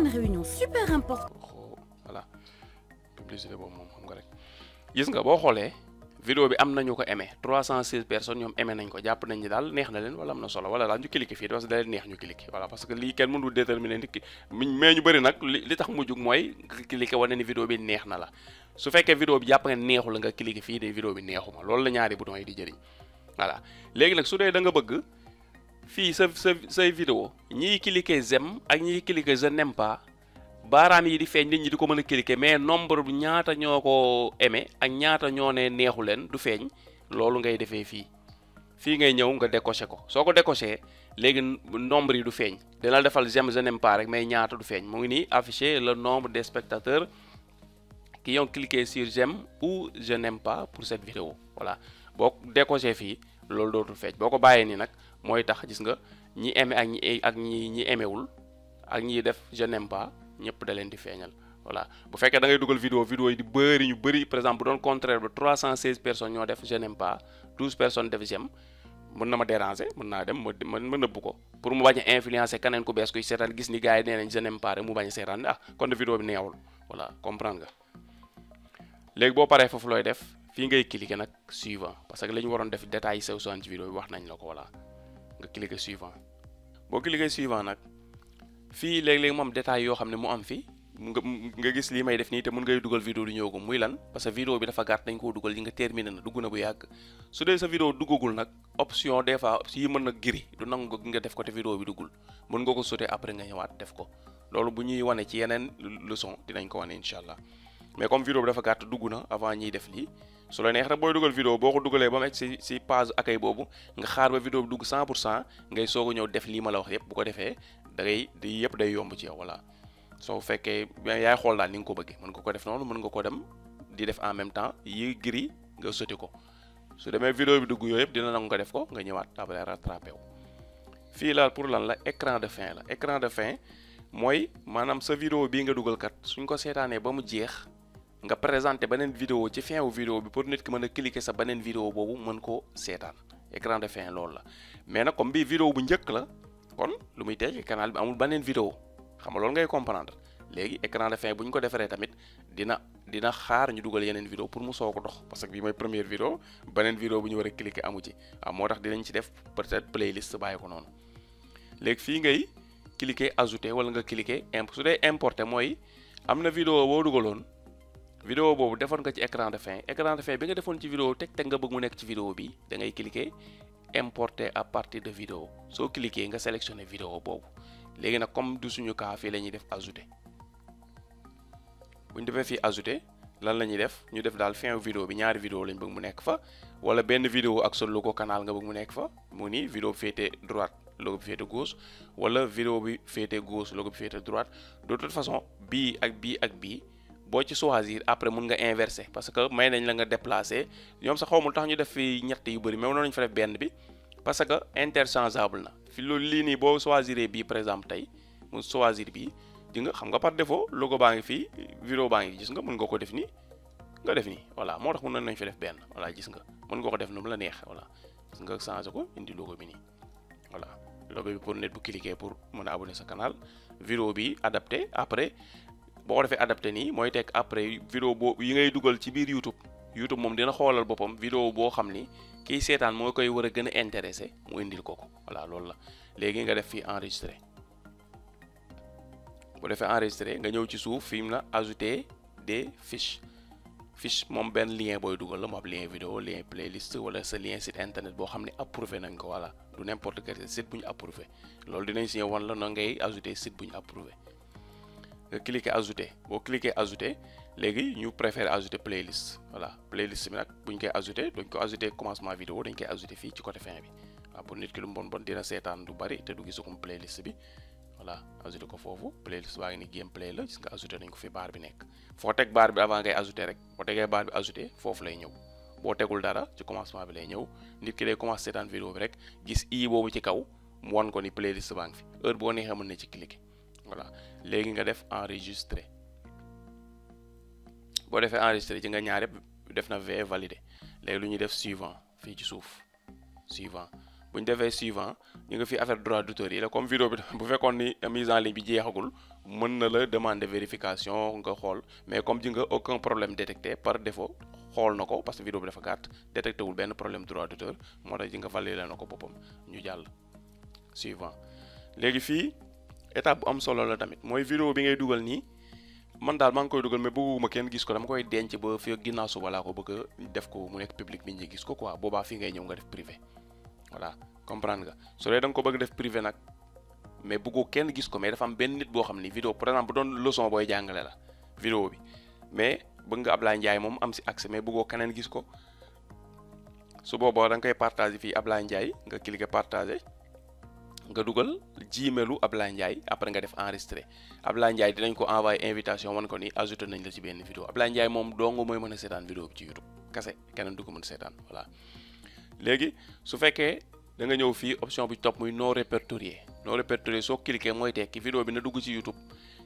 publicité boobu moom xam nga rek gis nga boo xoolee. vidéo bi am nañu ko aimé 316 personnes ñoom aimé nañ ko jàpp nañ ni daal neex na leen wala am na solo wala daal ñu cliquer fii parce que da leen neex ñu cliquer voilà parce que lii kenn mënul déterminer nit ki mais ñu bëri nag li tax mu jug mooy cliquer wane ni vidéo bi neex na la su fekkee vidéo bi jàpp nga neexu la nga cliquer fii de vidéo bi neexuma loolu la ñaari bouton yi di fii sa sa say video ñii cliquer j'aime ak ñii cliquer je n'aime pas baaraam yi di feeñ nit ñu di ko mën a cliquer mais nombre bu ñaata ñoo ko aimé ak ñaata ñoo ne neexu leen du feeñ loolu ngay defee fii fii ngay ñëw nga décoché ko soo ko décoché léegi nombre yi du feeñ dina defal j'aime je n'aime pas rek mais ñaata du feeñ mu ngi nii affiché le nombre de spectateurs qui ont cliqué sur j'aime ou je pas pour cette vidéo voilà boo décoché fii loolu dootu feeñ boo ko bàyyee nii nag mooy tax gis nga ñi aimé ak ñi ak ñi ñi aiméwul ak ñi def je n'aime pas da leen di feeñal voilà bu fekkee da ngay dugal vidéo vidéo yi di bëri ñu bëri par exemple bu doon contraire ba 316 personnes ñoo def je n'aime pas 12 personnes def j'aime mën na ma déranger mën naa dem ma ma ma nëbb ko pour mu bañ a influencer keneen ku bees kuy seetaan gis ni gars yi nee nañ je n'aime pas rek mu bañ a seetaan ne ah kon de vidéo bi neexul voilà comprendre nga léegi boo paree foofu looy def fii ngay cliquer nag suivant parce ñu waroon def détails sew son ci la ko voilà nga cliquer suivant boo cliquer suivant nag fii léeg-léeg mu am yoo xam ne mu am fii nga nga gis lii may def nii te mun ngay dugal vidéo du ko muy lan parce que vidéo bi dafa gàtt dañ koo dugal yi nga terminé na dugg na bu yàgg su dee sa vidéo duggagul nag option des fois yi mën na giri du nangu nga def ko te vidéo bi duggul mun nga ko sauté après nga waat def ko loolu bu ñuy wane ci yeneen leçon dinañ ko wane incha allah mais comme vidéo gàtt dugg na avant ñiy def lii su la neex nag booy dugal vidéo boo ko dugalee ba mu egg si si page accueil boobu nga xaar ba vidéo bi dugg cent pour cent ngay soog a ñëw def lii ma la wax yëpp bu ko defee dangay ngay di yëpp day yomb ci yow voilà soo fekkee yaay xool daal ni nga ko bëggee mën nga ko def noonu mën nga ko dem di def en même temps yi gris nga sotti ko su demee vidéo bi dugg yooyu yëpp dina nangu nga def ko nga ñëwaat après rattrapé wu fii laal pour lan la écran de fin la écran de fin mooy maanaam sa vidéo bii nga dugal kat suñ ko seetaanee ba mu jeex nga présenté beneen vidéo ci fin wu vidéo bi pour nit ki mën a cliquer sa beneen vidéo boobu mën koo seetaan écran de fin loolu la mais na comme bii vidéo bu njëkk la kon lu muy tey canal bi amul beneen vidéo xam nga loolu ngay comprendre léegi écran de fin bu ñu ko defaree tamit dina dina xaar ñu dugal yeneen vidéo pour mu soog ko dox parce que bii mooy première vidéo beneen vidéo bu ñu war a cliquer amu waaw ah, moo tax dinañ ci def peut-être playlist bàyyi ko noonu léegi fii ngay cliquer ajouter wala nga cliquer imp su dee importer mooy am na vidéo boo dugaloon. vidéo boobu defoon nga ci écran de fin écran de fin bi nga defoon ci vidéo teg teg nga bëgg mu nekk ci vidéo bi da ngay cliquer importer à partir de vidéo soo cliquer nga sélectionner vidéo boobu léegi nag comme du suñu cas fii la ñuy def ajouté bu ñu defee fii ajouter lan la ñuy def ñu def daal fin vidéo bi ñaari vidéo lañ bëgg mu nekk fa wala benn vidéo ak sa ko canal nga bëgg mu nekk fa mu ni vidéo bi féete droite logo bi féete gauche wala vidéo bi féete gauche logo bi féete droite de toute façon bii ak bii ak bii. boo ci choisir après mun nga inverser parce que may nañ la nga déplacé ñoom sa xaw xawmul tax ñu def fi ñett yu bëri mais noonu ñu fa def benn bi parce que interchangeable na fi loolu lii nii boo choisir bi par exemple tey mu choisir bii di nga xam nga par défaut logo baa ngi fii vidéo baa ngi gis nga mun nga ko def nii nga def nii voilà moo tax mun nañ fi def benn voilà gis nga mun nga ko def nu mu la neex voilà gis nga changé ko indi logo bi nii voilà logo bi pour nit pour mën a sa canal vidéo bi adapté après boo defee adapte nii mooy teg après vidéo boo yi ngay dugal ci biir YouTube YouTube moom dina xoolal boppam vidéo boo xam ni kiy seetaan moo koy war a gën a intéressé mu indil ko ko voilà loolu la léegi nga def fii enregistré bu defee enregistré nga ñëw ci suuf fii mu na ajouter des fiches fiche moom benn lien booy dugal la mu ab lien vidéo lien playlist wala sa lien site internet boo xam ne approuvé nañ ko voilà du n'importe quel site bu approuvé loolu dinañ si wan la na ngay ajouter site nga cliquer ajouter boo cliquer ajouter léegi ñu préfère ajouter playlist voilà playlist bi nag bu ñu koy ajouter dañ ko ajouter commencement vidéo dañ koy ajouter fii ci côté fin bi waaw pour nit ki lu mu bon bon dina seetaan lu bari te du gisagum playlist bi voilà ajouter ko foofu playlist baa ngi ni game play la gis nga ajouter nañ ko fi baar bi nekk foo teg baar bi avant ngay ajouter rek boo tegee baar bi ajouter foofu lay ñëw boo tegul dara ci commencement bi lay ñëw nit ki day commencé seetaan vidéo bi rek i boobu ci kaw mu ko ni playlist baa ngi fi boo neexee mën na ci cliquer voilà léegi nga def enregistré boo defee enregistré ci nga ñaare yëpp def na V validé léegi lu ñuy def suivant fii ci suuf suivant bu ñu defee suivant ñu nga fi affaire droit d'auteur yi la comme vidéo bi bu fekkoon ni mise en ligne bi jeexagul mën na la demander vérification nga xool mais comme ji nga aucun problème détecté par défaut xool na ko parce que vidéo bi dafa gàtt détecté wul benn problème droit d'auteur moo tax ji nga validé na ko boppam ñu jàll étape bu am solo la tamit mooy vidéo bi ngay dugal nii man daal maa ngi koy dugal mais bëgguma kenn gis ko dama koy denc ba fii ak ginnaaw suba laa ko bëgg def ko mu nekk public bi ñu gis ko quoi boobaa fii ngay ñëw nga def privé voilà comprendre nga su dee ko bëgg def privé nag mais bëggoo kenn gis ko mais dafa benn nit boo xam ni vidéo par exemple doon leçon booy jàngale la bi mais bëgg nga Ablaye moom am si accès mais bëggoo keneen gis ko su booboo da koy partager fii Ablaye Ndiaye nga cliquer partager nga dugal jiimelu Ablaye Ndiaye après nga def enregistré Ablaye Ndiaye dinañ ko envoyé invitation wan ko ni ajouté nañ la ci benn vidéo Ablaye Ndiaye moom dongu mooy mën a seetaan vidéo bi ci YouTube kase keneen du ko mën a seetaan voilà su fekkee da nga ñëw fii option bi topp muy non répertorié non répertorié soo cliqué mooy bi na dugg ci YouTube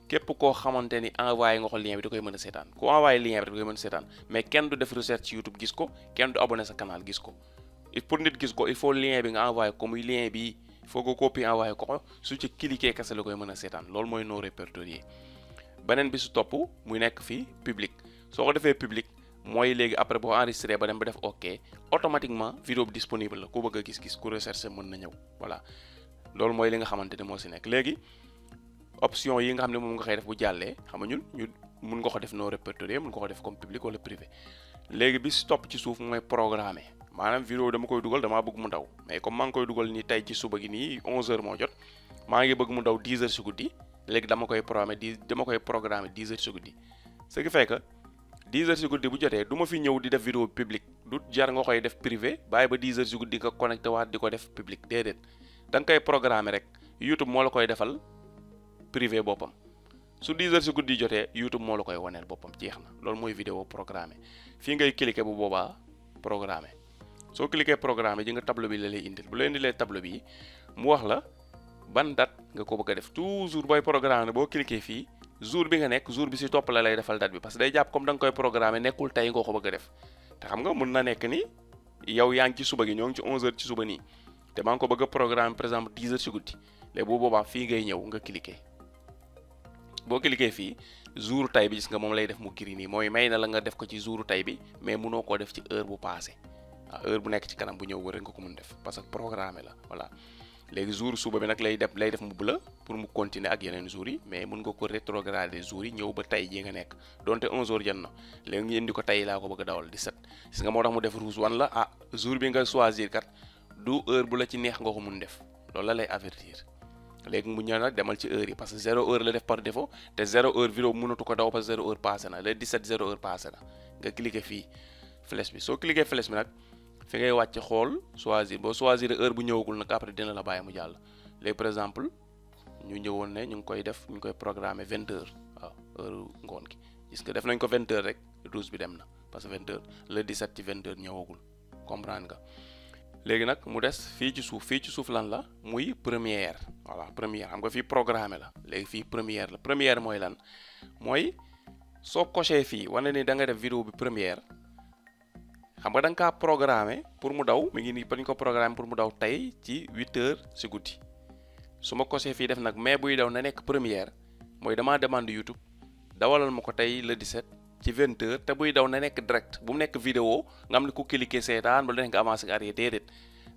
képp koo xamante ni envoyé nga lien bi da koy mën a seetaan ku envoyé lien bi da koy mën a seetaan mais kenn du def recherche ci YouTube gis ko kenn du abonné sa canal gis ko pour nit gis ko il faut lien bi nga envoyé ko muy lien bi foo ko copier envoyé ko ko su ci cliquer kese la koy mën a seetaan loolu mooy non répertorié beneen bi su topp muy nekk fii public soo ko defee public mooy léegi après boo enregistré ba dem ba def ok automatiquement vidéo bi disponible la ku bëgg gis-gis ku mën na ñëw voilà loolu mooy li nga xamante ne moo si nekk léegi option yi nga xam ne moom nga koy def bu jàllee xam nga ñun ñu mun nga ko def non répertorié mun nga ko def comme public wala privé bi si topp ci suuf mooy programmer maanaam vidéo dama koy dugal damaa bëgg mu daw mais comme maa ngi koy dugal ni tey ci suba gi nii 11h moo jot maa ngi bëgg mu daw 10h si guddi léegi dama koy programmer 10 dama koy programmer 10h si guddi ce qui guddi bu jotee duma fi ñëw di def vidéo public du jar nga koy def privé bàyyi ba 10h si guddi nga connecté waat di ko def public déedéet da nga koy programmer rek YouTube moo la koy defal privé boppam. su 10 heures si guddi jotee YouTube moo la koy waneel boppam jeex na loolu mooy vidéo programmé fii ngay cliquer bu boobaa programmé soo cliquer programme ji nga tableau bi la lay indil bu la indilee tableau bi mu wax la ban date nga ko bëgg a def toujours booy programme boo cliquer fii jour bi nga nekk jour bi si topp la lay defal date bi parce que day jàpp comme da koy programmer nekkul tey nga ko bëgg a def te xam nga mun na nekk ni yow yaa ngi ci suba gi ñoo ngi ci 11 heures ci suba nii te maa ngi ko bëgg a programme par exemple 10 heures ci guddi léegi boobaa fii ñëw nga cliquer boo cliquer fii jour tay bi gis moom lay def mu giri nii may na la nga def ko ci jour tay bi mais munoo koo def ci heure bu passé Ah, heure bu nekk ci kanam bu ñëw wër nga ko mun def parce que programme la voilà léegi jour suba bi nag lay def lay def mu la pour mu continuer ak yeneen jours yi mais mun nga ko rétrograder jours yi ñëw ba tey jii nga nekk donte 11h jot na léegi ñu indi ko tey laa ko bëgg a dawal 17 gis nga moo tax mu def rouge wan la ah jour bi nga choisir kat du heure bu la ci neex nga ko mun def loolu la lay avertir léegi mu ñëw nag demal ci heure yi parce que 0 la def par défaut te 0 heure ko daw parce que na le 17 0 heure passé na nga cliquer fii flèche bi soo cliquer flèche fi ngay wàcc xool choisir boo choisir heure bu ñëwagul nag après dina la bàyyi mu jàll léegi par exemple ñu ñëwoon ne ñu ngi koy def ñu ngi koy programmer vingt waaw heure ngoon gi gis nga def nañ ko vingt rek douze bi dem na parce que vingt di le 17 ci vingt heures ñëwagul comprendre nga léegi nag mu des fii ci suuf fii ci suuf lan la muy première voilà première xam nga fii programme la léegi fii première la première mooy lan mooy soo coché fii wane ni da nga def vidéo bi première xam nga da kaa programmé pour mu daw mi ngi nii bañ ko programme pour mu daw tey ci huit heures si guddi su ma kosee fii def nag mais buy daw na nekk première mooy damaa demande YouTube dawalal ma ko tey le 17 ci vingt heures te buy daw na nekk direct bu nekk vidéo nga xam ne ku cliquer seetaan ba nekk nga avancé arrière déedéet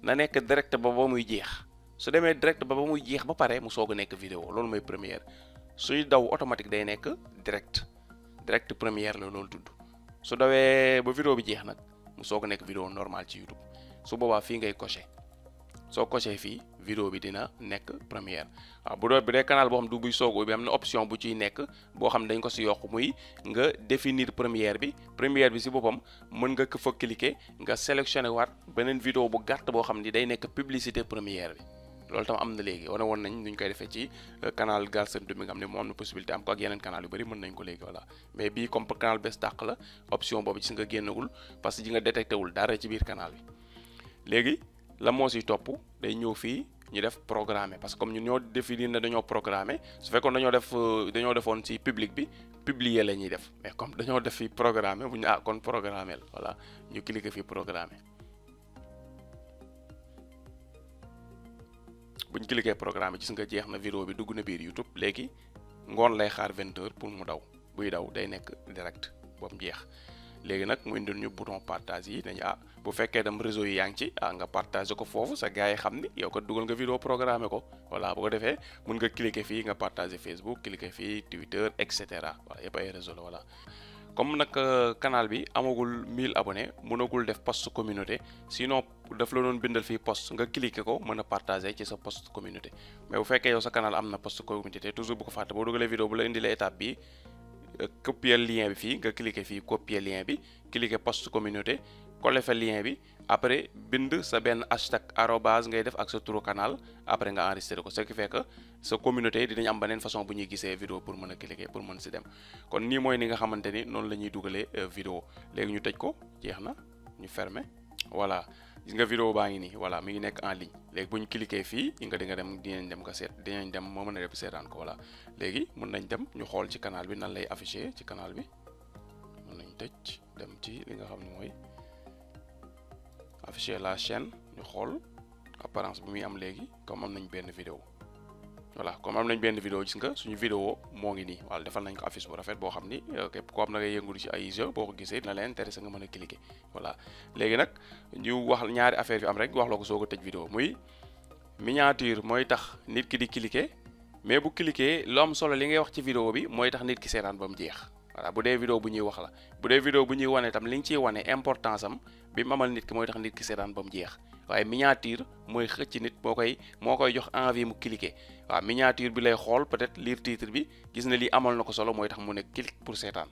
na nekk direct ba ba muy jeex su demee direct ba ba muy jeex ba pare mu soog a nekk vidéo loolu mooy première suy daw automatique day nekk direct direct première la loolu tudd su dawee ba vidéo bi jeex nag. mu soog a nekk vidéo normal ci YouTube su boobaa fii ngay coché soo coché fii vidéo bi dina nekk première waaw bu doon bi dee canal boo xam du buy soog bi am na option bu ciy nekk boo xam ne dañ ko si yokk muy nga définir première bi première bi si boppam mën nga ko fa nga sélectionné waat beneen vidéo bu gàtt boo xam ni day nekk publicité première bi. loolu tam am na léegi wane woon nañ nu ñu koy defee ci euh, canal Galsen Tube bi nga ne moo am na possibilité am ko ak yeneen canal yu bëri mën nañ ko léegi voilà mais bi comme canal bees dàq la option boobu gis nga génnagul parce que ji nga détecté wul dara ci biir canal bi léegi la moo siy topp day ñëw fii ñu def programmer parce que comme ñun ñoo définir ne dañoo programmer su dañoo def euh, dañoo defoon ci public bi publier la ñuy def mais comme dañoo def fi programmer bu ñu ah kon programmer la voilà ñu cliquer fi programme buñ cliquer programme bi gis nga jeex na vidéo bi dugg na biir YouTube léegi ngoon lay xaar 20 pour mu daw buy daw day nekk direct boobu jeex léegi nag mu indil ñu bouton partage yi dañu ah bu fekkee dem réseau yi yaa ngi ci ah nga partager ko foofu sa gars yi xam ni yow ko dugal nga vidéo programme ko voilà bu defee mun nga cliquer fii nga partager Facebook cliquer fii Twitter et cetera voilà yëpp ay comme nag kanaal euh, bi amagul 1000 abonnés mënagul def post communauté sinon daf la doon bindal fii post nga cliquer ko mën a partager ci sa post communauté mais bu fekkee yow sa canal am na post communauté toujours bu ko fàtte boo dugalee vidéo bu la indilee étape bi euh, copier lien bi fii nga cliquer fii copier lien bi cliquer post communauté coller fa lien bi après bind sa benn hashtag arobase ngay def ak sa turu canal après nga enregistré ko ce qui fait que sa communauté dinañ am beneen façon bu ñuy gisee vidéo pour mën a cliquer pour mën si dem kon nii mooy ni nga xamante ni noonu la ñuy dugalee euh, vidéo léegi ñu tëj ko jeex na ñu fermer wala gis nga vidéo baa ngi nii voilà mi ngi nekk en ligne léegi bu ñu fii nga di nga dem dinañ dem ko seet dinañ dem moo mën a rep seetaan ko voilà léegi mën nañ dem ñu xool ci canal bi nan lay affiché ci canal bi mën nañ tëj dem ci li nga xam mooy afficher la chaîne ñu xool apparence bi muy am léegi comme am nañ benn vidéo voilà comme am nañ benn vidéo gis nga suñu vidéo moo ngi nii wala defal nañ ko affiche bu rafet boo xam ni képp koo xam na ngay ci ay jeu boo ko gisee dina la intéressé nga mën a cliquer léegi nag ñu wax ñaari affaire bi am rek wax la ko soo ko tëj vidéo muy miniature mooy tax nit ki di cliquer mais bu cliquer lu am solo li ngay wax ci vidéo bi mooy tax nit ki seetaan ba mu jeex voilà bu dee vidéo bu ñuy wax la bu dee vidéo bu ñuy wane tam li ñu ciy wane importance am bi mu amal nit ki mooy tax nit ki seetaan ba mu jeex waaye miniature mooy xëcc nit moo koy moo koy jox envie mu cliquer miniature bi lay xool peut-être lire titre bi gis na lii amal na ko solo mooy tax mu ne clique pour seetaan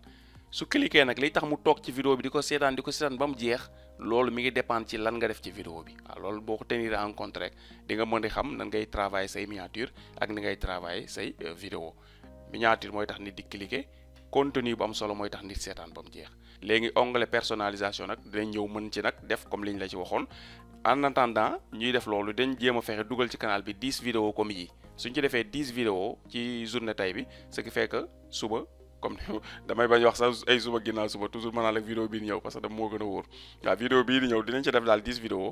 su nag liy tax mu toog ci vidéo bi di ko seetaan di ko seetaan ba mu jeex loolu mi ngi dépendre ci lan nga ci vidéo bi waaw boo ko tenir en compte rek mën di xam nan ngay travailler say miniature ak ni ngay travailler say euh, vidéo miniature mooy tax nit di cliquer contenu bu am solo mooy tax nit seetaan ba mu jeex léegi onglet personalisation nag dinañ ñëw mën ci nag def comme liñ la ci waxoon en attendant ñuy def loolu dañ jéem a fexe dugal ci kanaal bi 10 vidéos comme yi suñ ci defee 10 vidéos ci journée tay bi ce qui fait suba comme damay bañ wax sax ay suba ginnaaw suba toujours ma naan la vidéo bii di ñëw parce que dama moo gën a wóor waaw vidéo bii di ñëw dinañ ci def daal 10 vidéos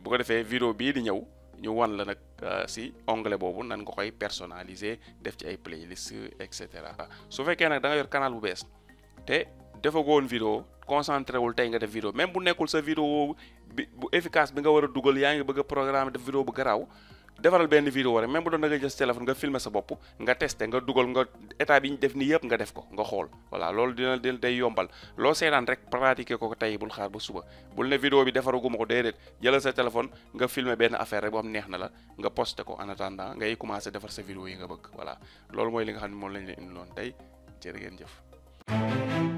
bu ko defee vidéo bii di ñëw. ñu wan la nag euh, si onglet boobu nan nga koy personnaliser def ci ay playlist et cetera su fekkee nag da yor canal bu bees te defagoon vidéo concentré wul tey nga def vidéo même bu nekkul sa vidéo bi bu efficace bi nga war a dugal yaa ngi bëgg a programme def vidéo bu garaaw defaral benn vidéo rek même bu doon da nga jël téléphone nga filmer sa bopp nga testé nga dugal nga état bi ñu def nii yëpp nga def ko nga xool voilà lool dina dina day yombal loo seetaan rek pratiquer ko tey bul xaar ba suba bul ne vidéo bi defaraguma ko de jëlal sa téléphone nga film benn affaire rek boo xam neex na la nga posté ko en attendant ngay commencer defar sa vidéo yi nga bëgg voilà loolu mooy li nga xam ne moom lañ leen indiloon tey jërë ngeen jëf